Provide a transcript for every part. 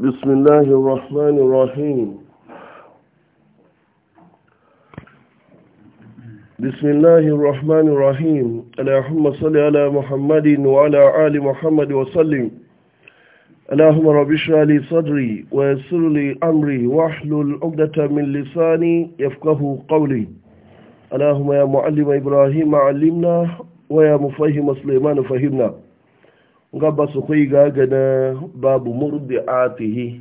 بسم الله الرحمن الرحيم بسم الله الرحمن الرحيم اللهم صل على محمد وعلى آل محمد وسلم اللهم رب اشرح لي صدري ويسر لي امري واحلل عقدة من لساني يفقه قولي اللهم يا معلم ابراهيم علمنا ويا مفهم سليمان فهمنا ba su kai gagana babu murdi atihi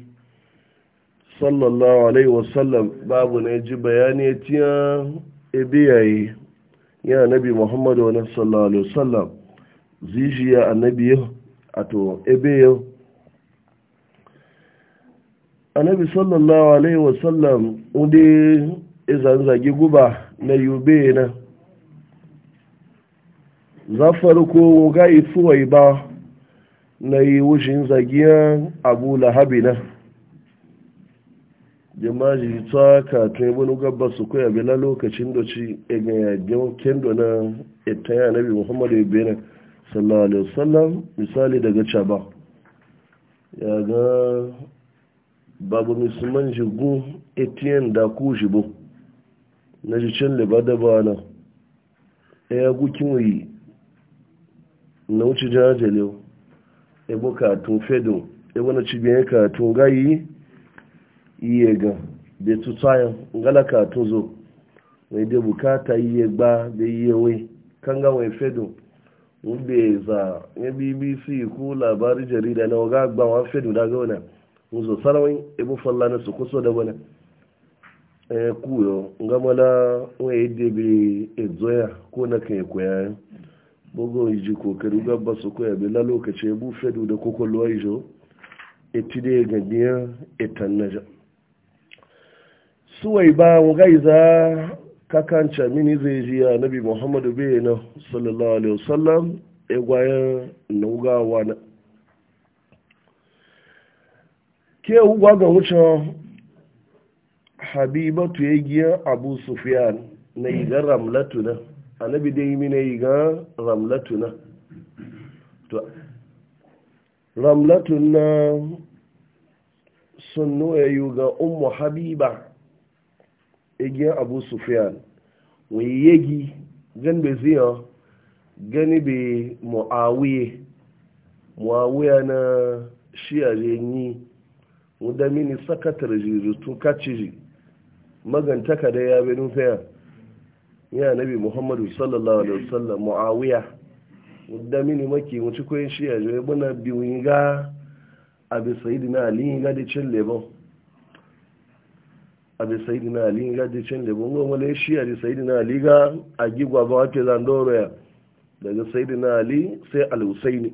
sallallahu alaihi wasallam babu na ji bayani ya tiya ebiyaye ya nabi muhammadu wani sallallahu alaihi wasallam zijiya annabi a to ebiyaye annabi sallallahu alaihi wasallam inda izan zagi guba na yube na za farko ga ifuwa ba na yi wushin zagiyan abu lahabi na jamaji ta katon wani gabba su koya bela lokacin da ci egayyagen kendo na itaya nabi muhammadu ibn sallallahu alaihi wasallam misali daga caba ya ga babu musulman jigun etiyan da ku shigo na jicin libada ba na ya gukin wuyi na wuce jajalewa ebo katun fedo ebo na cibiyar katun gayi iye ga bai tutsayan ngala katun zo mai da bukata iye gba da iye wai kan ga wai fedo wanda za ya bbc ko labari jarida na waga gbawa fedo da gauna wuzo sarawai ebo falla na su kusa da wani e, kuyo ngamala wai da bai ezoya ko na kan ya koyayen bogo yi kokari gabba su koya bi la lokaci ya da kokolowa yi jo eti da ya ganiya etan na suwai ba gaiza kakanca mini zai ji ya nabi muhammadu bai na sallallahu alaihi wasallam ya e gwaya na ugawa na ke ugwa ga wucin habibatu ya giya abu sufiyan na igar ramlatu na annabi dai mina yi ga ramlatuna to ramlatuna sun noyayu ga ummu habiba igiyar abu sufyan wani yegi gan bai ziyo gani bai mu'awiye mu'awiya na shiyaje ni wadda mini sakatar jiri tun kacci magantaka da ya benin fayar ya nabi muhammadu sallallahu alaihi wasallam muawiya da mini maki mu ci koyin shi ya je bana biwin ga abi sayyidina ali ga da cin lebon abi sayyidina ali ga da cin lebo, ngo male shi abi sayyidina ali ga agigwa ba wata zandoro ya daga sayyidina ali sai al-husaini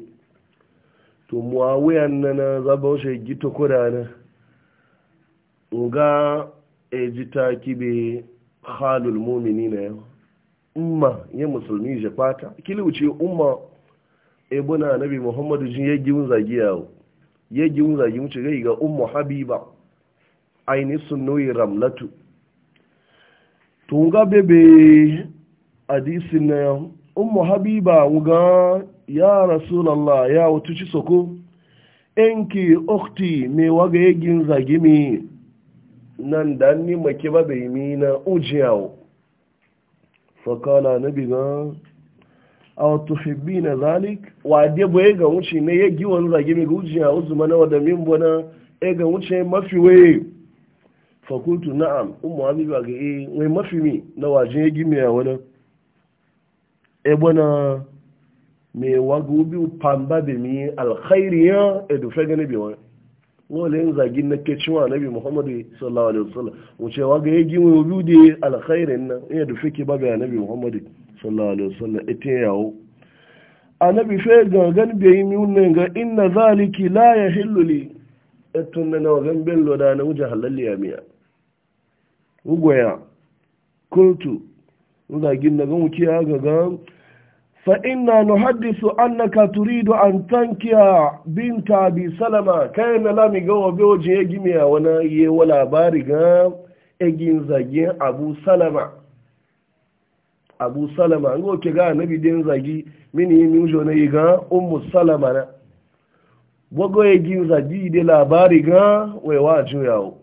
to muawiya nan zaba shi gito kurana ga ejita kibe halul mumini na yau umma ya musulmi je fata kila wuce umma ebuna nabi muhammadu jin ya giwun zagi yawo ya giwun zagi wuce gai ga ummu habiba aini sunnoyi ramlatu tunga bebe hadisin na yau ummu habiba wuga ya rasulallah ya wutuci soko enki okti me waga ya gin zagi mi nan da ni make ba bai mi na ujiyawo fakala na biga a wato hibbi na zalik wa de boye ga wuce ne ya gi wani zage mai gujiya uzu mana wa da min bona e ga wuce mafi waye fakultu na'am ummu habiba ga e wai mafi mi na waje ya gi a wani e bona me wagu e bi pamba da mi alkhairiya e do fe gane bi wani wani yin zagin na ke cewa nabi muhammadu sallallahu alaihi wasallam wuce wa ga yagi wa biyu da alkhairin nan iya da fike ba ga nabi muhammadu sallallahu alaihi wasallam ita yawo annabi fe gangan bai be yi mun ga inna zaliki la yahillu li etun na wa gan bello da na wuce halalli ya miya ugoya kultu zagin na gan wuce ga gan فإنا نحدث أنك تريد أن تنكي بنت أبي سلمة كان لم يقوى بوجه يجمع ونا ولا بارغا egin zagi abu salama abu salama an goke ga nabi din zagi mini yi mijo na yi ga ummu salama na gbogbo egin zagi labari ga waiwa juyawo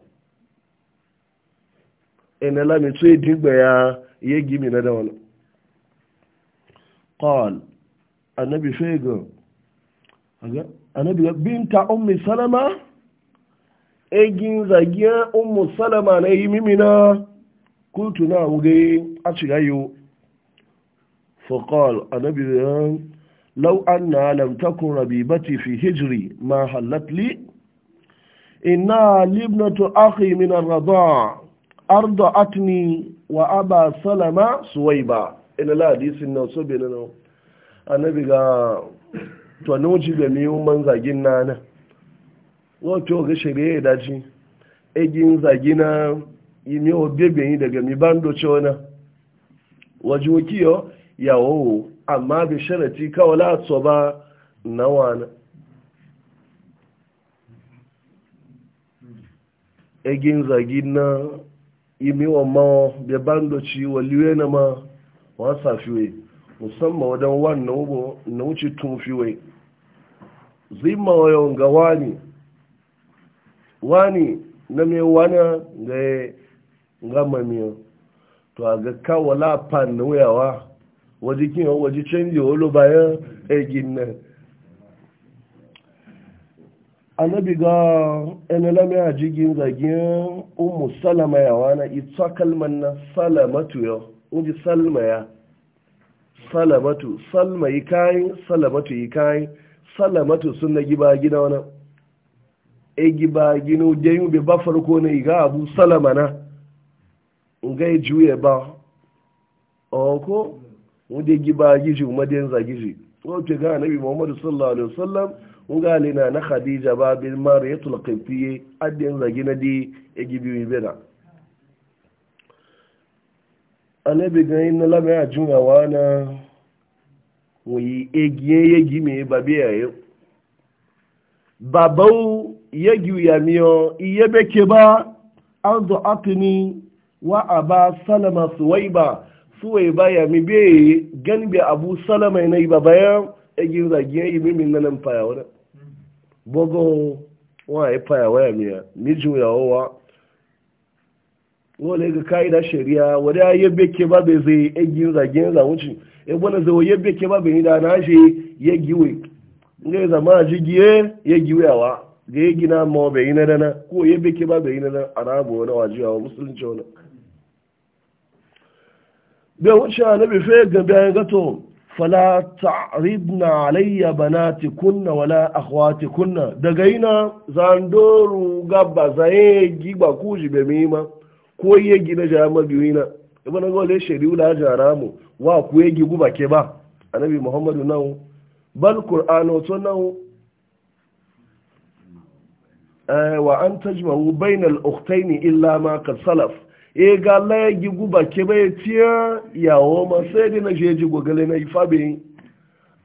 ina na قال النبي فيقر النبي بنت أم سلمة egin zagiya ummu salama na yi mimina kultu na a ci yayo faƙal annabi yan lau an na lam takun rabibati fi hijri ma halatli inna libnatu akhi min raba? arda atni wa aba salama suwaiba ina la hadisin na so bena na annabi ga to na wuce ga mi man zagin na e na wato ga shari'a da ji egin zagina yi mi o bebe yi daga mi bando chona wajukiyo yawo amma bi sharati kawala tsoba na wana egin zagina yi mi o ma be bando ci waliwe na ma wasa fiye musamman wajen wannan ubo na wuce tun fiwe zima wayo ga wani wani na mai wani ga ya gama miyo to a ga kawo lafan na wuyawa waje kiyan waje canji wolo bayan egin nan annabi ga enelame a jigin zagin umu salama yawa na ita kalman na salamatu yau inji salma ya salamatu salma yi kayan salamatu yi kayan salamatu sun na giba gina wani e giba gino jayu bai ba farko na ga abu salama na nga yi juye ba ọkọ wadda giba gizi umadiyar zagiji wadda ga nabi muhammadu sallallahu alaihi wasallam nga lina na khadija ba bin mariyatul qibtiyye adin zagina di e bena anabi ganin na lamar a junawa na wuyi egiye yegi me babi yayo babau yegi yamiyo miyo iye beke ba an zo atini wa a ba salama suwaiba suwaiba ya mi be gani be abu salama na yi iba bayan egin zagiye yi min nanan faya wani bogo wa ya faya yamiya. miya mi juyawa wale ga ka'ida shari'a wadda ya ke ba bai zai egin zagen zawuci ya e, bane zai wa yabbe ke ba bai ni da na shi ya giwe ngai zama jigiye ya giwawa ga ya gina ma bai yi na dana ko yabbe ke ba bai yi na dana a rabu wani wajiya wa musulunci wani bai wuce a nabi fe ga bayan gato fala ta'ridna alayya kunna wala kunna daga ina zandoru gabba zaye gigba kuji bai ma. ko gi na jaya mabiyina ibn gole shari'u la jaramu wa ku gi guba ke ba annabi muhammadu nan bal qur'anu to nan eh, wa an tajma'u bayna al-ukhtayn illa ma qad salaf e ga la gi guba ke ba tiya yawo ma sai dai na jeji gogale na ifabe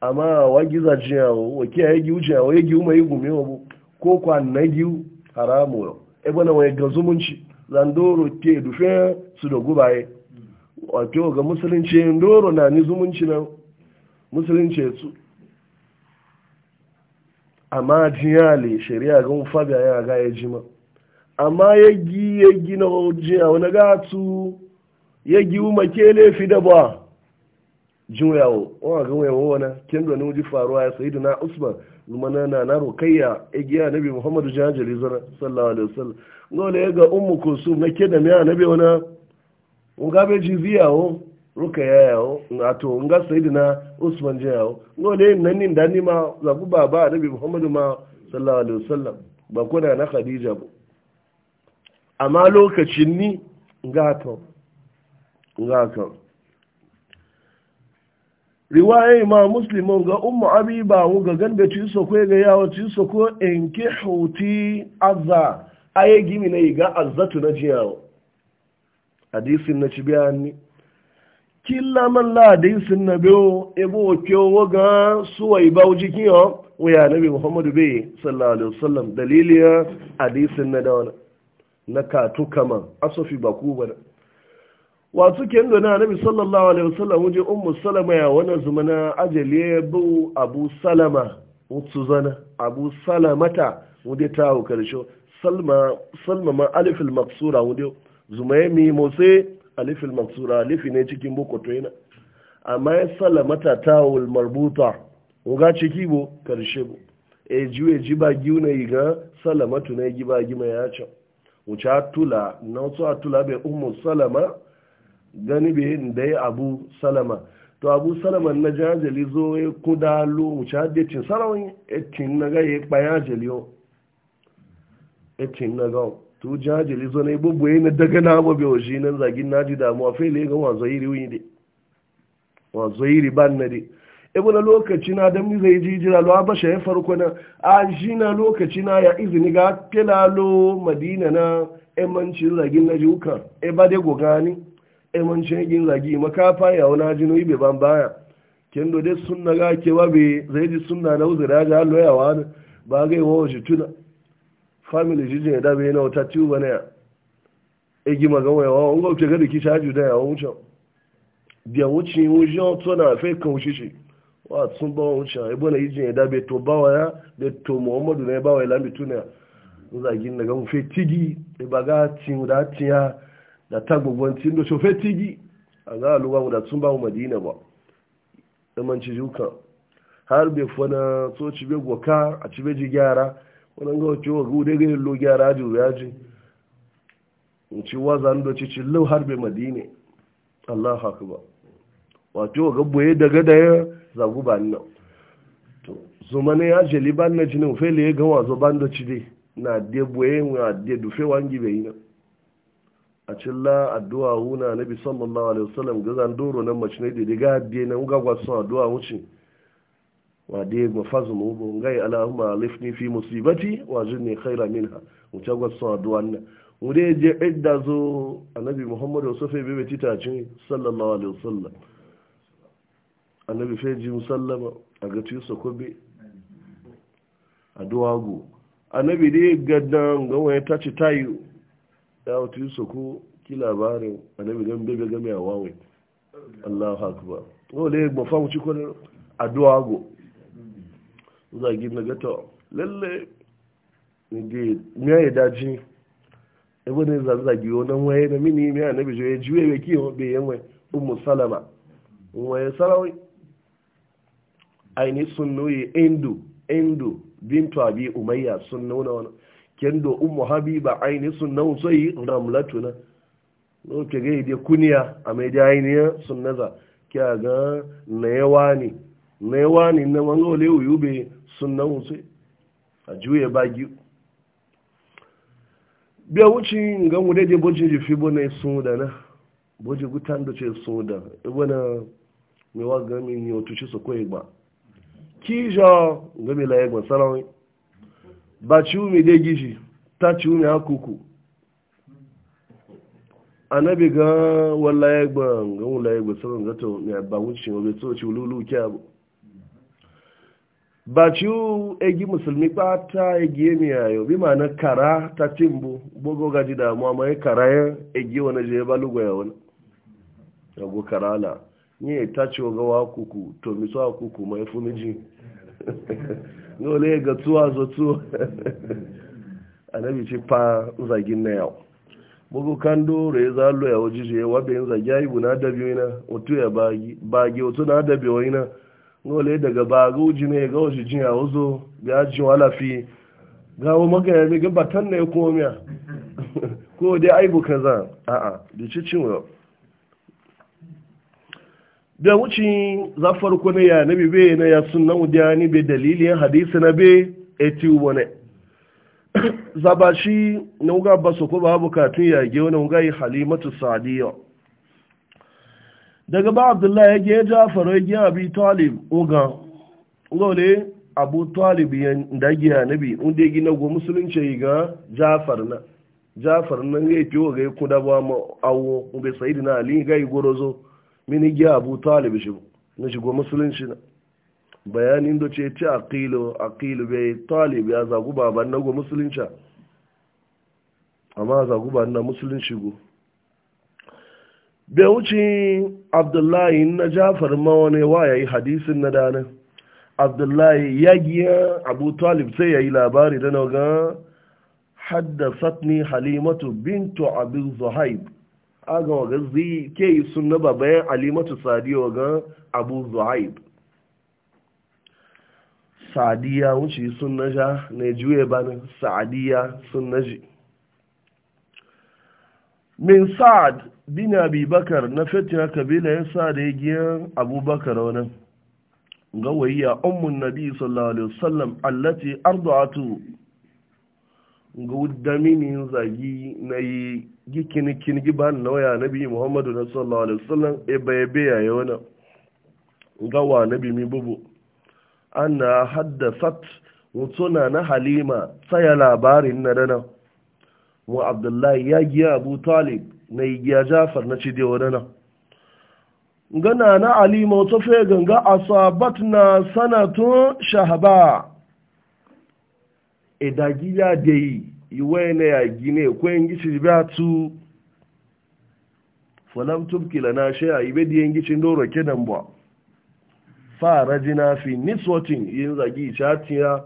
amma wa giza jiyawo wa ke yegi ujawo yegi umai gumewa ko kwa nagiu haramu ibn e wa ga zumunci zandoro te dufe su da gubaye wato ga musulunci ndoro na ni zumunci na musulunci su amma jiyale shari'a ga faga ya ga ya jima amma ya gi ya gi na jiya wani gatu ya gi uma ke laifi da ba jin yawo wa ga wani kin da nuji faruwa ya sayi na usman zumana na na rukayya igiya nabi muhammadu jajali zara sallallahu alaihi wasallam ngole ga ummu kusum na ke da miya nabi wana nga be jiziya o rukayya ya o ato nga sayyidina usman je o ngole nan nin dani ma zabu baba nabi muhammadu ma sallallahu alaihi wasallam ba kuna na khadija bu amma lokacin ni nga to riwaya imam muslim ga ummu abiba mu ga gan beti so ko ga yawo ti so ko in ki huti azza aye gimi ne ga azzatu na jiyawo hadisin na cibiyani killa man la hadisin na biyo ebo kyo ga suwai bawo jikin yo waya nabi muhammadu be sallallahu alaihi wasallam daliliya hadisin na dawana na katu kama asofi bakuba wasu ken da na nabi sallallahu alaihi wasallam wuje ummu salama ya wannan zumana ajali bu abu salama mutu zana abu salamata wuje ta hu karsho salma salma ma alif al maksura wuje zumaye mi mose alif al maksura alif ne cikin boko to yana amma ya salamata ta hu marbuta wuga ciki bo karshe bo e jiwe jiba giuna iga salamatu ne ba gima ya cha wuce atula na wasu atula bai ummu salama gani be da ya abu salama to abu salama na jajali zo ya kuda lo wuce hadde cin sarawin etin na ga ya kpaya jali o etin na ga to jajali zo na ya bubu na daga na abu bai waje nan zagin na ji damuwa fai le ga wazo iri wuni de wazo yiri ban na de ebo na lokaci na dan ni zai ji jira lo abasha ya farko na a shi na lokaci na ya izini ga lo madina na emancin zagin na ji e ba dai ni. aimancin yin zagi makafa ya wani jinoyi bai ban baya kin do dai sunna ga kewa bai zai ji sunna na uzura ga loyawa ne ba ga wa shi tuna family jijin ya dabe na wata tiwo bane ya egi magana yawa wani gwamce ga da ki shaju da yawon wucin biya wucin to na fai kan wuce shi wa sun ba wucin ya bane jijin ya dabe to bawa ya da to muhammadu na ya bawa ya lambi tuna zagin daga mu fai tigi e ba ga tin da tiya da ta gbogbon cindo shofe gi a za a luwa da sun ba wa madina ba zamanci jukan har bai fana so ci bai gwaka a ci bai ji gyara wani ga wace wa gude ga yin lo gyara ju ya ji in ci waza ndo ci ci lau har bai madina allah haka ba Wace wa ga ya daga da ya zagu ba nan to zuma ne ya jeli ban na jinin fele ya ga wazo ba ndo ci dai na de boye na de dufe wangi bai yi nan a cilla addu'a huna nabi sallallahu alaihi wasallam ga zan doro nan mace ne da ga biye nan ga gwasu addu'a wuce wa de ma fazu mu bo ngai allahumma alifni fi musibati wa jinni khaira minha mu ta gwasu addu'a nan mu de je idda zo annabi muhammadu fai bebe tita cin sallallahu alaihi wasallam annabi fai ji musallama a ga tiyo bi addu'a go annabi de gaddan ga wani ci tayu ya wata yi soko ki labarin a annabi don bebe game a wawai allahu akbar wale ba famu ci kwanar addu'a go zagi na gata lalle ne ya yi daji ebe ne zazagi wani waye na mini mai annabi jo ya juye bai kiyo bai yan wai ummu salama waye sarawai aini sun nuyi indu indu bintu abi umayya sun nuna wani kendo ummu habiba aini sunnan sai ramlatuna no ke ga ide kuniya a mai aini sunnaza kya ga nayawani nayawani na wango le uyube sunnan a juye bagi biya wuci nga mu dai boji fi bona na boji gutan ce sun da e bona me mi ni otuci so ko igba kija la ba ciwume dị gishi ta ciwume hakuku annabi ga wallaye gban ga wallaye gban sauran gato na ba wuce wa bai so ci lulu kya bu ba ci egi musulmi ba egi emi ayo bi ma na kara ta timbu gbogbo gaji da mu amma kara ya egi wani je ba lugo ya wani ya kara ala nye ta ci ga wa akụkụ to mi so kuku mai fumiji dole ga tuwa zo tuwa annabi ci fa zagin na yau bugu kan doro ya zalo ya waje je wabe yin zagi ya yi bu na dabi wina wato ya bagi bagi wato na dabi wina dole daga baga uji ne ga waje jin ya wazo ya ji wala fi gawo maka ya ga batan na ya komiya ko dai aibu kaza a'a da ci cin yau da wucin za farko na ya nabi bai na ya sunna udiya ni bai dalilin hadisi na bai eti wani zaba shi na wuga ba su ko ba ya ge wani wuga yi halimatu sadiya daga ba abdullahi ya gaya jafar ya gaya abi talib uga wale abu talib ya dagi ya nabi wanda ya gina go musulunci ga jafar na jafar na ya fi wa ga ya kuda ba ma awo bai sa'idi na ali ga yi gorozo mini giya abu talib shi na shigo musulunci na bayanin da ce ci aqilu aqilu bai talib ya zagu baban na go musulunci amma zagu ba na musulunci go bai wuce abdullahi na jafar ma wani wa ya yi hadisin na dana abdullahi ya giya abu talib sai ya yi labari da na ga haddasatni halimatu bintu abin zuhaib aga waga zai ke yi suna ba bayan alimatu sadiya waga abu zuhaib sadiya wuce suna ja na juye ba na sadiya suna ji min sa'ad bin abi bakar na fitina kabila ya sa da giyan abubakar wani ga wayya ummun nabi sallallahu alaihi wasallam allati ardu'atu gudda mini zagi na yi gikin kin giban nauya nabi muhammadu na sallallahu alaihi wasallam e baye biya ya ga gawa nabi mi bubu anna haddasat mutuna na halima tsaya labarin na dana mu abdullahi ya giya abu talib na giya jafar na cide wa dana gana na alima wata fe ganga asabat na sanatun shahaba idagiya e da yi iwe ne ya gine kwen gici ba tu falam tubkila na shaya ibe diyen gicin doro kenan ba fara jina fi niswatin yin zagi shatiya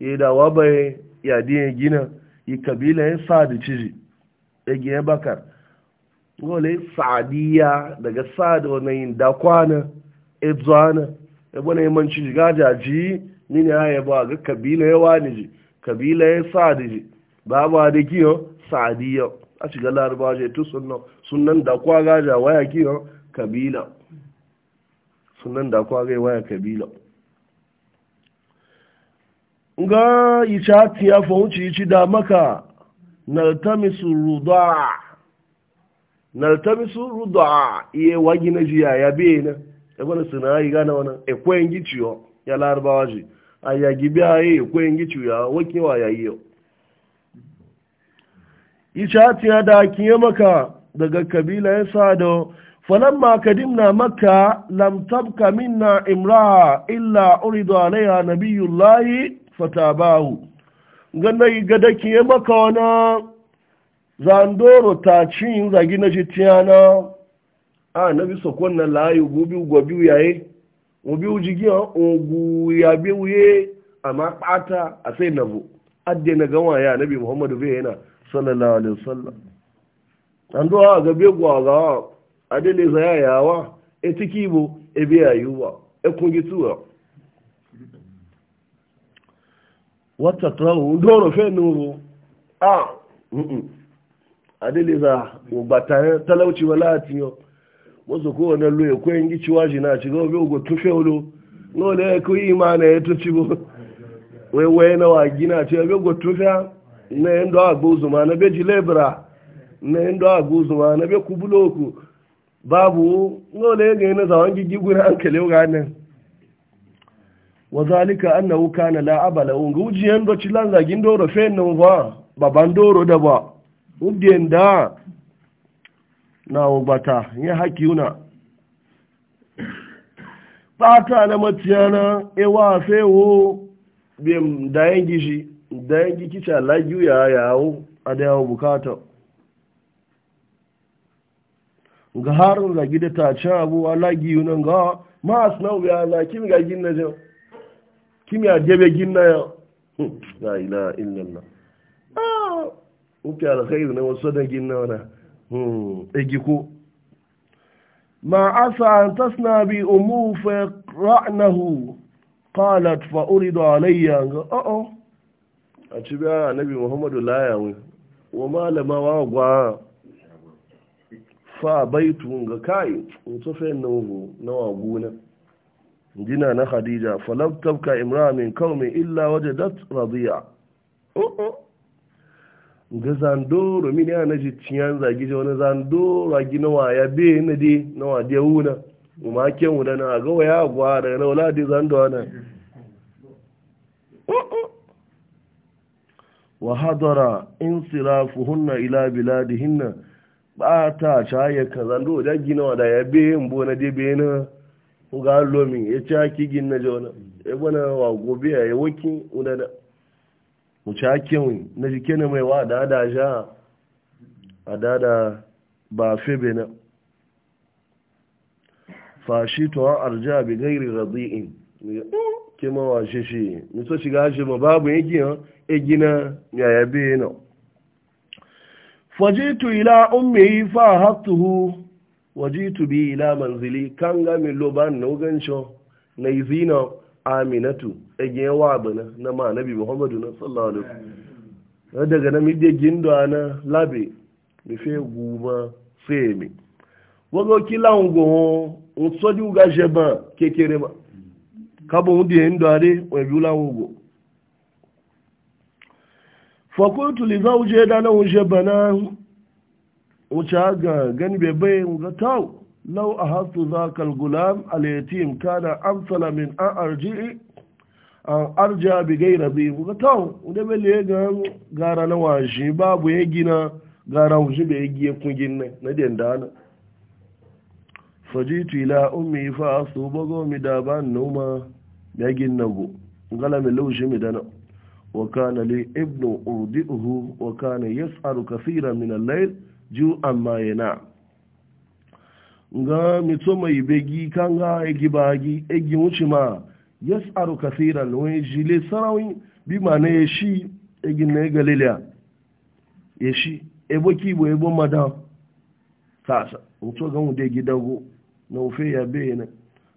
ya da bai ya di gina yi kabila yin sa'adu ciji ya bakar gole sadiya daga sa'adu wani yin dakwana ebzana ebe na yi manci gajaji ni ne ya ba ga kabila ya wani ji kabila ya sa'adi babu sa'adi yau a shiga laraba ce tu sunan sunan da kwa gaja waya kiyo kabila sunan da kwa gai waya kabila ga yi cati ya fahimci yi ci da maka naltamisu ruda naltamisu ruda wagi na jiya ya biye na ya gwada na yi gana wani ekwen giciyo ya larabawa ji a yagi biya yi kwayin gicu ya wake wa yayi yau isha tiya da kiye maka daga kabila ya sado falamma kadimna maka lam tabka minna imra'a illa uridu alaiha nabiyullahi fatabahu ganna gada kiye maka wana zandoro ta cin zagi na jitiyana a ah, nabi sokon na layu gobi gobi yayi obi uji gi ogu ya bi wuye amma kpata a sai na bu adde a ya nabi muhammadu bai yana sallallahu alaihi wasallam an duwa ga be gwa ga adele za yawa e tiki bo e be ayuwa e kungi tuwa wata trawo ndoro fe nuru a ah, adele za talauchi talauci wala tiyo wasu kowane lo kwayan kwayin gici waji na ci gaba biyu gwatu fewlo no da ya kuyi imana ya tuci bu wai na wagi na ci biyu gwatu fe na yin da agbo zuma na beji lebra na yin da agbo zuma na be kubuloku babu no da ya gani na zawon gigi guna an kale ga nan wa zalika annahu kana la abala un gujiyan do ci lan zagin do ro fe na ba babban doro da ba na wagbata ya haki yuna ɓata na matiyana ewa wo bem dayan gishi dayan gikica lagiyu ya yawo a da yawo bukata ga harin zagi da ci abu a lagiyu nan ga a na wuya na kimi ga gina jan kimi a jebe gina ya hmm, la ila illallah ah uke alkhairu na wasu da gina wana Hmm. egiko ma asa an tasna bi umu ra'nahu qalat fa uridu alayya ga o o a ci biya annabi muhammadu layawi wa malama wa gwa fa baitu ga kai to fe nuhu na wa guna jina na khadija falam tabka imra min qaumi illa wajadat radiya o oh, o oh. ga zandoro mini a na jiciyan zagi ji wani zandoro a gina waya be na di na wadiya wuna umaken wuna na gawa ya gwa da na wala di zandoro na wa hadara in sirafuhunna ila biladihinna ba ta caye ka zandoro da gina wada ya be mbo na di be na ga lomi ya ci haki gina jona ya gwana wa gobe ya yi waki wuna na wuce hakin na jike na mai wa da ja a dada ba febe na fashi tuwa arja bi gairi razi'in oh, kima wa shi shi shiga shi ma babu yake yan egina yaya biye na fajitu ila ummi fa waje wajitu bi ila manzili kan ga mi loban na ugancho na izina aminatu ege wa bana na ma nabi muhammadu na sallallahu alaihi wasallam daga na midde gindo na labe mi fe guma femi wogo kila ngo on so di uga jeban kekere ma kabo undi endo ade we bula ugo fakultu li zauje da na uje bana ucha ga gani bebe ngatawo lau a hasu zakal gulam al-yatim kana amsala min an arji'i an arja bi gaira bi muka tawo wanda bai liye ga babu ya gina gara washi bai giye kungin na na dendana fajitu ila ummi fa su bago mi da ba noma ya gina go ngala mi laushi mi dana wa kana li ibnu urdihu wa kana yas'alu kaseeran min al-layl ju'an ma yana ga mito mai begi kan ga egi bagi egi wuce ma ya tsaro kasiran wani jile sarawin bi ma na yeshi egi na galilea yeshi ebo kibo ebo madan sasa mutu ga wude gidago na ufe ya bayyana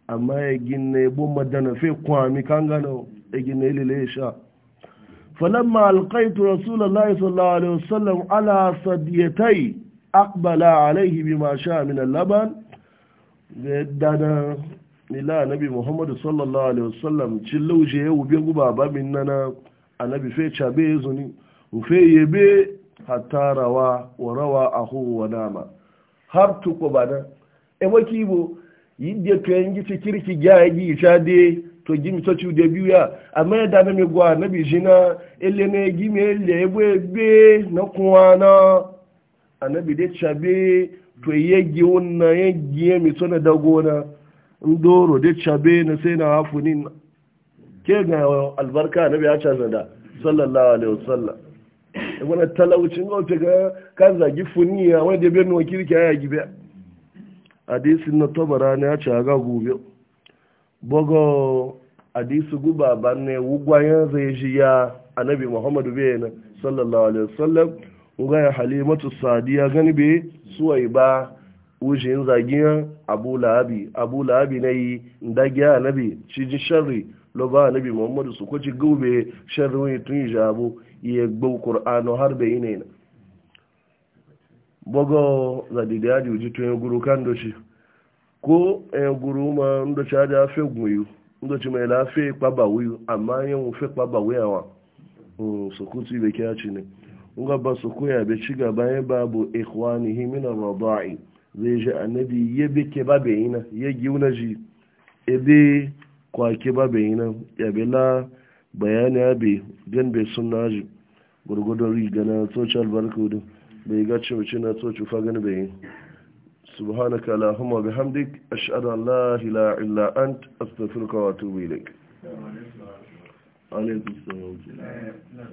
amma egi na ebo na fe kwami kan ga na egi na ya sha فلما القيت رسول الله صلى الله عليه وسلم على صديتي اقبل عليه بما شاء من اللبن ga dana nila anabi muhammadu sallallahu alaihi wasallam cin lauje ya wube guba ba min nana annabi fe cabe ya zuni ufe yebe hatta rawa wa rawa ahu wa nama har tuko bana e waki bo yidde to yangi ci kirki gaagi chade to gimi to biyu biya amma da na mi gwa nabi jina elle ne gimi elle ebe na na annabi de cabe to yegi wannan yegi ya mito na dagona doro da cabe na sai na ni ke ga albarka na biya ca zanda sallallahu alaihi wasallam e wani talaucin gauta ga kan zagi ya wani da birnin wakilki ya yagi biya hadisin na tabara na ya ce ga gobe bugo adisi guba ban ne wugwayen zai shi ya annabi muhammadu bai sallallahu alaihi wasallam nga ya halimatu sadiya gani be suwai ba wujin zagiyan abu lahabi abu lahabi na yi ndagiya nabi cijin sharri lo ba nabi muhammadu su kwaci gube sharri wani tun jabu iya gbau kur'anu har bai yi ne bogo zadidi ya juji tun guru kan doci ko ya guru ma ndoci ya da fe gumuyu ndoci mai lafe kpaba wuyu amma yin fe kpaba wuyawa hmm, su kuti ibe kya ci ne nga ba su koya bai ci gaba ya babu ikhwani min radai zai ji annabi ya bi ke ba bai na e ya na ji ebe kwa ba bai na ya bi la bayani ya bi gan bai na ji gurgudun riga na tsoci albarka da bai ga cimci na tsoci fagen bai subhanaka allahumma hamdik ashhadu an la ilaha illa ant astaghfiruka wa atubu ilaik alaikum